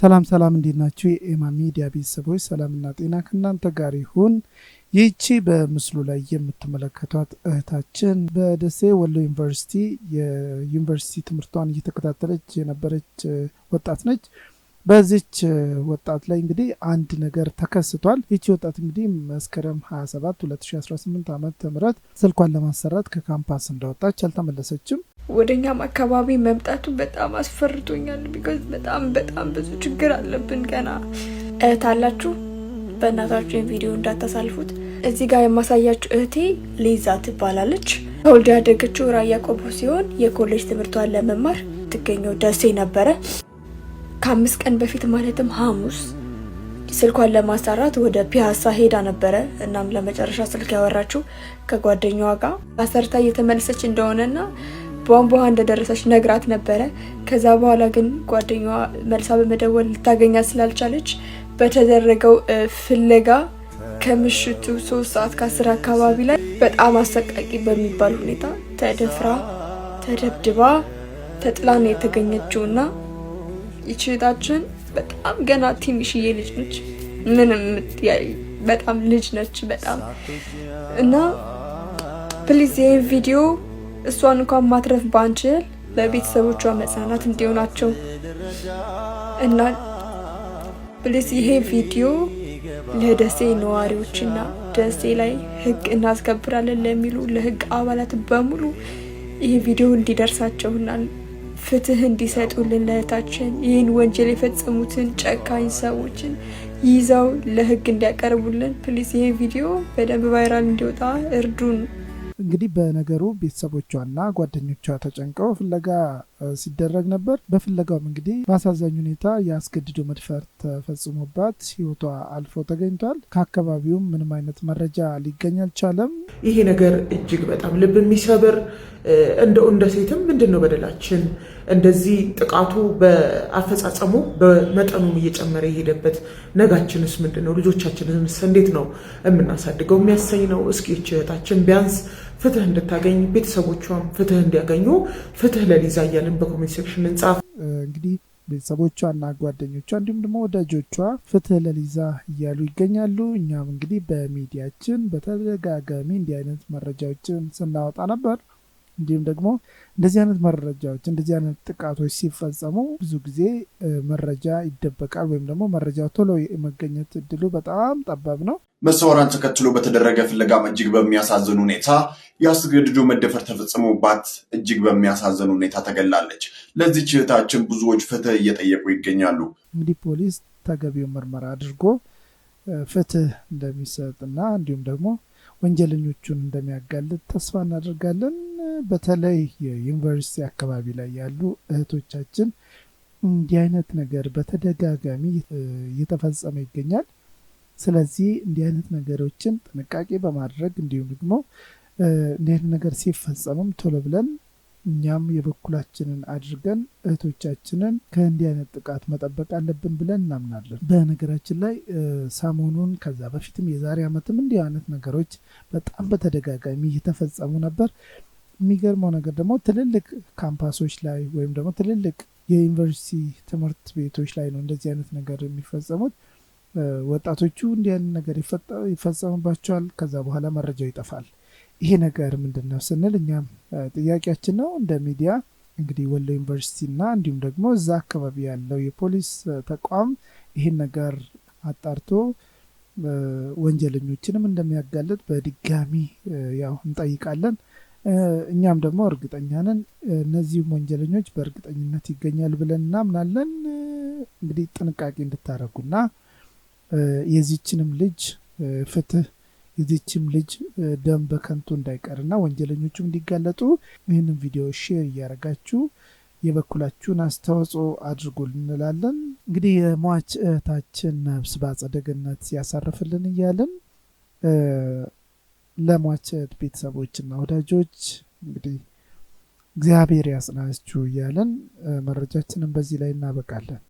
ሰላም ሰላም፣ እንዴት ናችሁ? የኤማ ሚዲያ ቤተሰቦች ሰላምና ጤና ከእናንተ ጋር ይሁን። ይህቺ በምስሉ ላይ የምትመለከቷት እህታችን በደሴ ወሎ ዩኒቨርሲቲ የዩኒቨርሲቲ ትምህርቷን እየተከታተለች የነበረች ወጣት ነች። በዚች ወጣት ላይ እንግዲህ አንድ ነገር ተከስቷል። ይቺ ወጣት እንግዲህ መስከረም 27 2018 ዓ ም ስልኳን ለማሰራት ከካምፓስ እንደወጣች አልተመለሰችም። ወደ እኛም አካባቢ መምጣቱ በጣም አስፈርቶኛል። ቢኮዝ በጣም በጣም ብዙ ችግር አለብን ገና። እህት አላችሁ በእናታችሁ ቪዲዮ እንዳታሳልፉት። እዚህ ጋር የማሳያችሁ እህቴ ሊዛ ትባላለች። ተወልዳ ያደገችው ራያ ቆቦ ሲሆን የኮሌጅ ትምህርቷን ለመማር ትገኘው ደሴ ነበረ። ከአምስት ቀን በፊት ማለትም ሐሙስ ስልኳን ለማሰራት ወደ ፒያሳ ሄዳ ነበረ። እናም ለመጨረሻ ስልክ ያወራችው ከጓደኛዋ ጋር አሰርታ እየተመለሰች እንደሆነና ቧንቧ እንደደረሰች ነግራት ነበረ። ከዛ በኋላ ግን ጓደኛዋ መልሳ በመደወል ልታገኛት ስላልቻለች በተደረገው ፍለጋ ከምሽቱ ሶስት ሰዓት ከአስር አካባቢ ላይ በጣም አሰቃቂ በሚባል ሁኔታ ተደፍራ ተደብድባ ተጥላ ነው የተገኘችው እና ይችታችን በጣም ገና ትንሽዬ ልጅ ነች። ምንም በጣም ልጅ ነች በጣም እና ፕሊዝ ይህን ቪዲዮ እሷን እንኳን ማትረፍ ባንችል ለቤተሰቦቿ መጽናናት እንዲሆናቸው እና ፕሊስ ይሄ ቪዲዮ ለደሴ ነዋሪዎችና ደሴ ላይ ህግ እናስከብራለን ለሚሉ ለህግ አባላት በሙሉ ይህ ቪዲዮ እንዲደርሳቸውና ፍትህ እንዲሰጡልን ለእህታችን ይህን ወንጀል የፈጸሙትን ጨካኝ ሰዎችን ይዘው ለህግ እንዲያቀርቡልን ፕሊስ ይሄ ቪዲዮ በደንብ ቫይራል እንዲወጣ እርዱን። እንግዲህ በነገሩ ቤተሰቦቿና ጓደኞቿ ተጨንቀው ፍለጋ ሲደረግ ነበር። በፍለጋውም እንግዲህ በአሳዛኝ ሁኔታ የአስገድዶ መድፈር ተፈጽሞባት ህይወቷ አልፎ ተገኝቷል። ከአካባቢውም ምንም አይነት መረጃ ሊገኝ አልቻለም። ይሄ ነገር እጅግ በጣም ልብ የሚሰብር እንደው እንደ ሴትም ምንድን ነው በደላችን እንደዚህ ጥቃቱ በአፈጻጸሙ በመጠኑም እየጨመረ የሄደበት ነጋችንስ ምንድን ነው? ልጆቻችንስ እንዴት ነው የምናሳድገው የሚያሰኝ ነው። እስኪ እህታችን ቢያንስ ፍትህ እንድታገኝ ቤተሰቦቿም ፍትህ እንዲያገኙ ፍትህ ለሊዛ እያልን በኮሜንት ሴክሽን እንጻፍ። እንግዲህ ቤተሰቦቿ እና ጓደኞቿ እንዲሁም ደግሞ ወዳጆቿ ፍትህ ለሊዛ እያሉ ይገኛሉ። እኛም እንግዲህ በሚዲያችን በተደጋጋሚ እንዲህ አይነት መረጃዎችን ስናወጣ ነበር። እንዲሁም ደግሞ እንደዚህ አይነት መረጃዎች እንደዚህ አይነት ጥቃቶች ሲፈጸሙ ብዙ ጊዜ መረጃ ይደበቃል ወይም ደግሞ መረጃ ቶሎ የመገኘት እድሉ በጣም ጠባብ ነው። መሰወራን ተከትሎ በተደረገ ፍለጋም እጅግ በሚያሳዝን ሁኔታ የአስገድዶ መደፈር ተፈጽሞባት እጅግ በሚያሳዝን ሁኔታ ተገላለች። ለዚህ ችህታችን ብዙዎች ፍትህ እየጠየቁ ይገኛሉ። እንግዲህ ፖሊስ ተገቢው ምርመራ አድርጎ ፍትህ እንደሚሰጥና እንዲሁም ደግሞ ወንጀለኞቹን እንደሚያጋልጥ ተስፋ እናደርጋለን። በተለይ የዩኒቨርሲቲ አካባቢ ላይ ያሉ እህቶቻችን እንዲህ አይነት ነገር በተደጋጋሚ እየተፈጸመ ይገኛል። ስለዚህ እንዲህ አይነት ነገሮችን ጥንቃቄ በማድረግ እንዲሁም ደግሞ እንዲህ አይነት ነገር ሲፈጸምም ቶሎ ብለን እኛም የበኩላችንን አድርገን እህቶቻችንን ከእንዲህ አይነት ጥቃት መጠበቅ አለብን ብለን እናምናለን። በነገራችን ላይ ሰሞኑን ከዛ በፊትም የዛሬ ዓመትም እንዲህ አይነት ነገሮች በጣም በተደጋጋሚ እየተፈጸሙ ነበር። የሚገርመው ነገር ደግሞ ትልልቅ ካምፓሶች ላይ ወይም ደግሞ ትልልቅ የዩኒቨርሲቲ ትምህርት ቤቶች ላይ ነው እንደዚህ አይነት ነገር የሚፈጸሙት። ወጣቶቹ እንዲህ አይነት ነገር ይፈጸምባቸዋል። ከዛ በኋላ መረጃው ይጠፋል። ይሄ ነገር ምንድን ነው ስንል እኛም ጥያቄያችን ነው እንደ ሚዲያ እንግዲህ ወሎ እና እንዲሁም ደግሞ እዛ አካባቢ ያለው የፖሊስ ተቋም ይህን ነገር አጣርቶ ወንጀለኞችንም እንደሚያጋልጥ በድጋሚ ያው እንጠይቃለን። እኛም ደግሞ እርግጠኛ ነን እነዚህም ወንጀለኞች በእርግጠኝነት ይገኛል ብለን እናምናለን። እንግዲህ ጥንቃቄ እንድታደረጉና የዚችንም ልጅ ፍትህ የዚችም ልጅ ደም በከንቱ እንዳይቀርና ወንጀለኞቹም እንዲጋለጡ ይህንን ቪዲዮ ሼር እያደረጋችሁ የበኩላችሁን አስተዋጽኦ አድርጎ እንላለን። እንግዲህ የሟች እህታችን ነብስ በአጸደ ያሳርፍልን እያልን ለሟቸት ቤተሰቦችና ወዳጆች እንግዲህ እግዚአብሔር ያጽናችሁ እያለን መረጃችንን በዚህ ላይ እናበቃለን።